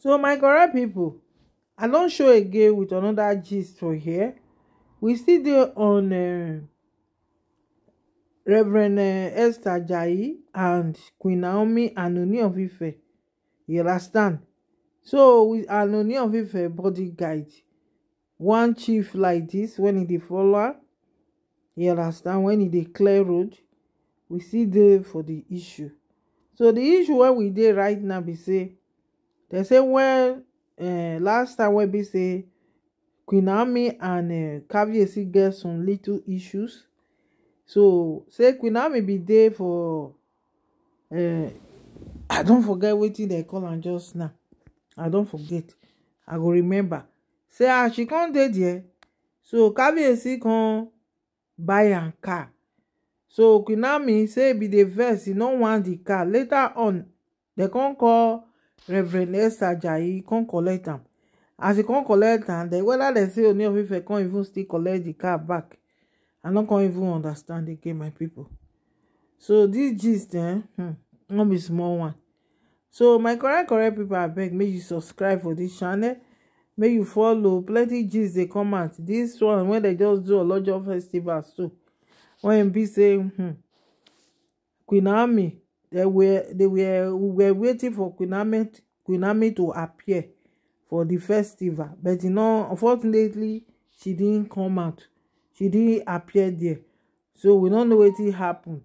so my correct people, i don't show again with another gist for here we see there on um, uh, reverend esther Jai and queen naomi and of ife you understand so with and of ife body guide one chief like this when he the follower. you understand When he dey clear road we see there for the issue so the issue wey we did right now be say They say wen eh, last time wey be say queen naomi and caviarcy eh, get some little issues so say queen be there for, for eh, i don't forget wetin dem call and just now i don't forget i go remember say as ah, she can't dead yet, so caviarcy can buy a car so queen say be the dey vex e no want di car later on they can call reverend esther ajayi come collect am as e come collect am den whether dem say oni oh, of ife come even still collect the car back i no come even understand again my people. so dis gist eh hmm, no be small one so my correct correct pipo abeg make you subscribe for this channel make you follow plenty gist dey come out dis one when they just do olojo festival so When be say hmm, queen naomi They were they were we were waiting for Queen Naomi to appear for the festival, but you know, unfortunately, she didn't come out. She didn't appear there, so we don't know wetin happen.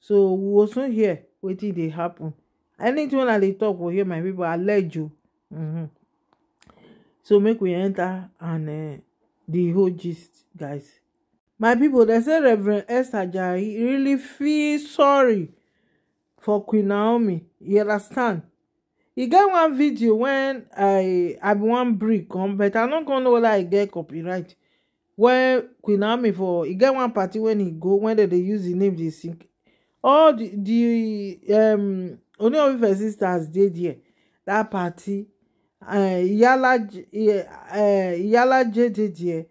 So we also here waiting. They happen. Anything I dey talk for here, my people, you. Mm-hmm. So make we enter and uh, the whole gist, guys. My people, they say Reverend Esther Jai really feel sorry for queen naomi you understand e get one video when i i be wan bring um, but I'm not gonna know whether i get copyright When queen naomi for e get one party when he go When dem they use the name they sing Oh, the di um only of her sisters dey there that party uh, iyala uh, iyala j dey there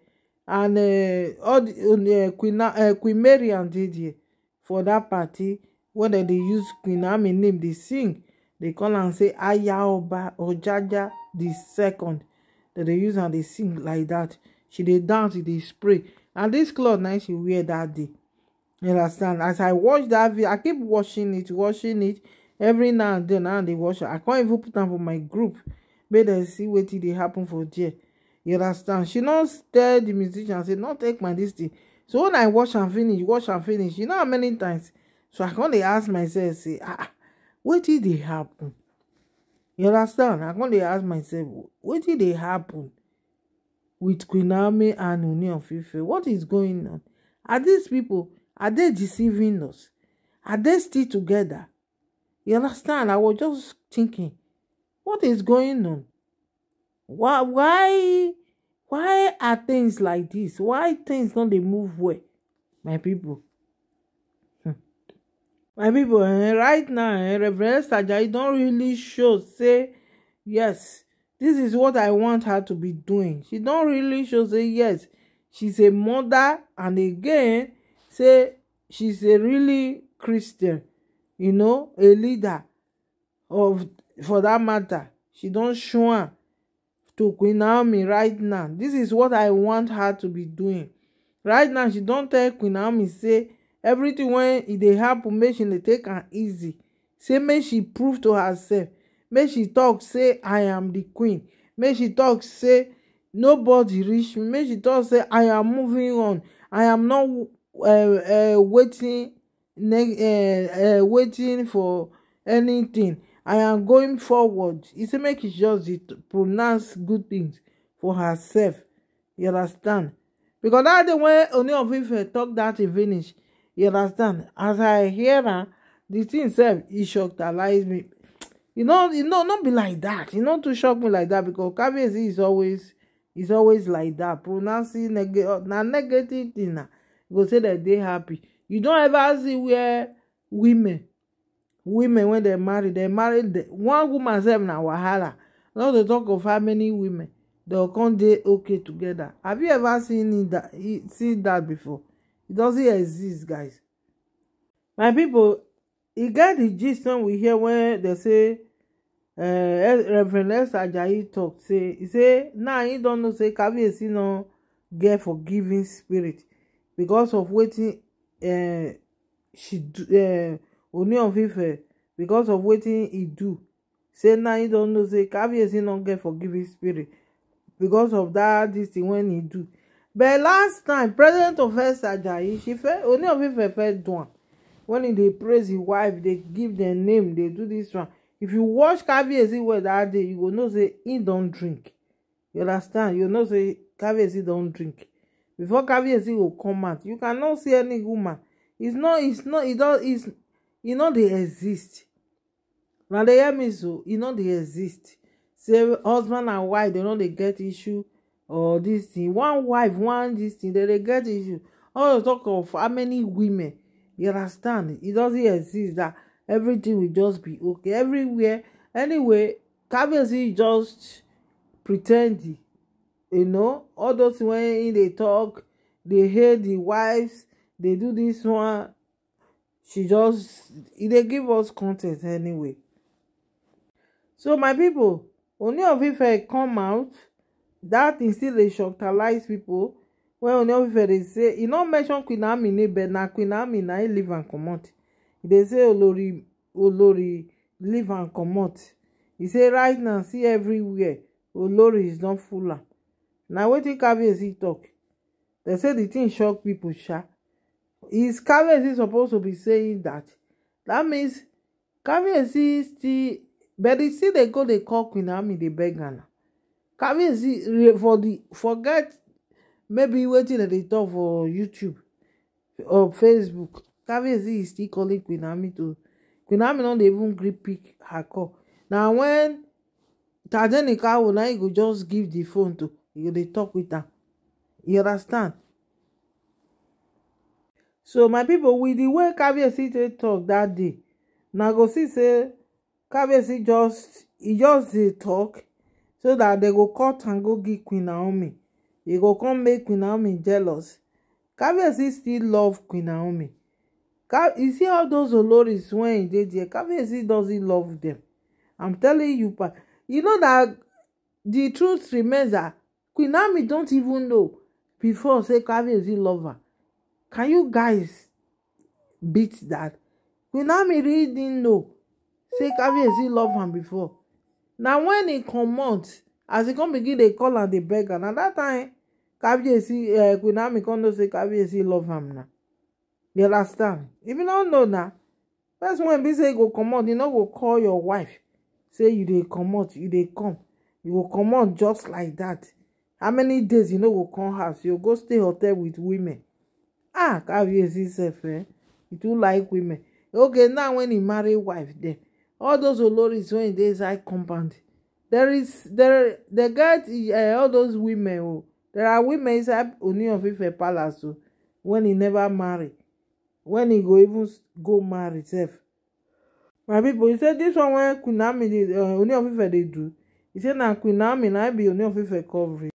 and uh, all the uh, queen uh, queen mariam dey there for that party When they dey use queen naomi name dey sing they call and say ayaoba ojaja the second That they use and they sing like that. she they dance she dey spray and this cloth na she wear that day you understand as i watch that, video i keep watching it watching it every now and then i they watch i can't even put them for my group but dem see what dey happen for there you understand she no tell di musician say "Not take my this thing so when i watch and finish watch and finish you know how many times so i gonna ask myself say ah what did dey happen you understand i gonna ask myself what did dey happen with queen and Ooni of what is going on are these people are they deceiving us are they still together you understand i was just thinking what is going on why why why are things like this why things don't they move well my people my people, um, right now um, reverend Sajayi don't really show say yes this is what i want her to be doing she don't really show say yes she's a mother and again say she's a really christian you know a leader of for that matter she don't show am to Queen Naomi right now this is what i want her to be doing right now she don't tell Queen Naomi say everything when e dey happen make she dey take am easy say make she prove to herself make she tok say i am the queen make she tok say nobody reach me make she tok say i am moving on i am not eh, eh, waiting eh, waiting for anything i am going forward e say make she just dey pronounce good things for herself you understand because dat day when oni of ife tok dat finish you understand as i hear that, the thing said e shocked. talize me you know you know not be like that You e no to shock me like that because kabiyesi is always is always like that pronouncing neg uh, na negative thing na go say that they happy you don't ever see where women women when they marry they marry one woman sef na wahala no dey talk of how many women dem come dey okay together have you ever seen that see that before It doesn't exist guys my people, he got the gist when we hear when they say "Uh, reverend s ajayi talk." say e say now he don't know say kabiyesi no get forgiving spirit because of waiting. Uh, eh, she do oni of ife because of waiting. He do say now he don't know say kabiyesi no get forgiving spirit because of that. This thing wey e do but last time president of Ajayi Ife Ooni of if first do am when they praise his wife they give their name They do this one if you watch Kabiyesi well that day you will know say he don't drink you understand you know say Kabiyesi don't drink before Kabiyesi will come out you cannot see any woman it's not it's not it don it's e no dey exist na dey hear me so e no dey exist say husband and wife they no dey get issue or this thing one wife one this thing They dey get issue all the talk of how many women you understand It doesn't exist that everything will just be okay everywhere anyway kabiyesi just pretend you know all those when they talk they hear the wives They do this one she just they give us content anyway so my people only of I come out dat thing still dey shockalize pipo wen onyofufe dey say e no mention queen amini but na queen amini na im leave am comot e dey say olori olori leave am comot e say right now see everywhere olori is don full am na wetin kabiyesi talk? dem say the thing shock pipo sha is kabiyesi suppose to be saying that? That means kabiyesi still but e still dey go dey call queen naomi dey beg am kabiyesi for the forget maybe waiting dem dey talk for youtube or facebook kabiyesi is still calling queen naomi to queen naomi no even gree pick her call Now when tajani kawo na him go just give the phone to he go talk with am you understand so my people, with the way kabiyesi take talk that day na go see say kabiyesi just he just dey talk so that they go cut and go give queen naomi e go come make queen naomi jealous kabiyesi still love queen naomi you see all those oloris wey e dey there kabiyesi doesn't love them? i'm telling you pa you know that the truth remains that queen naomi don't even know before say kabiyesi love her can you guys beat that queen naomi really didn't know say kabiyesi love am before na wen e comot as he come begin they call and they beg am na dat time kabiyesi eh, queen naomi come know say kabiyesi love am na you understand if you no know now, first when he say you e go comot you no go call your wife say you dey comot you dey come you go comot just like that. how many days you no go come house you go stay hotel with women ah kabiyesi sef eh you too like women okay now when he marry wife then all those oloris wey dey inside compound there is there they get uh, all those women Oh, there are women inside Ooni of Ife palace Oh, when he never marry when he go even go marry self. my people he said this one wey Queen Naomi dey eh, uh, Ooni of Ife dey do he say na Queen Naomi na be Ooni of Ife covering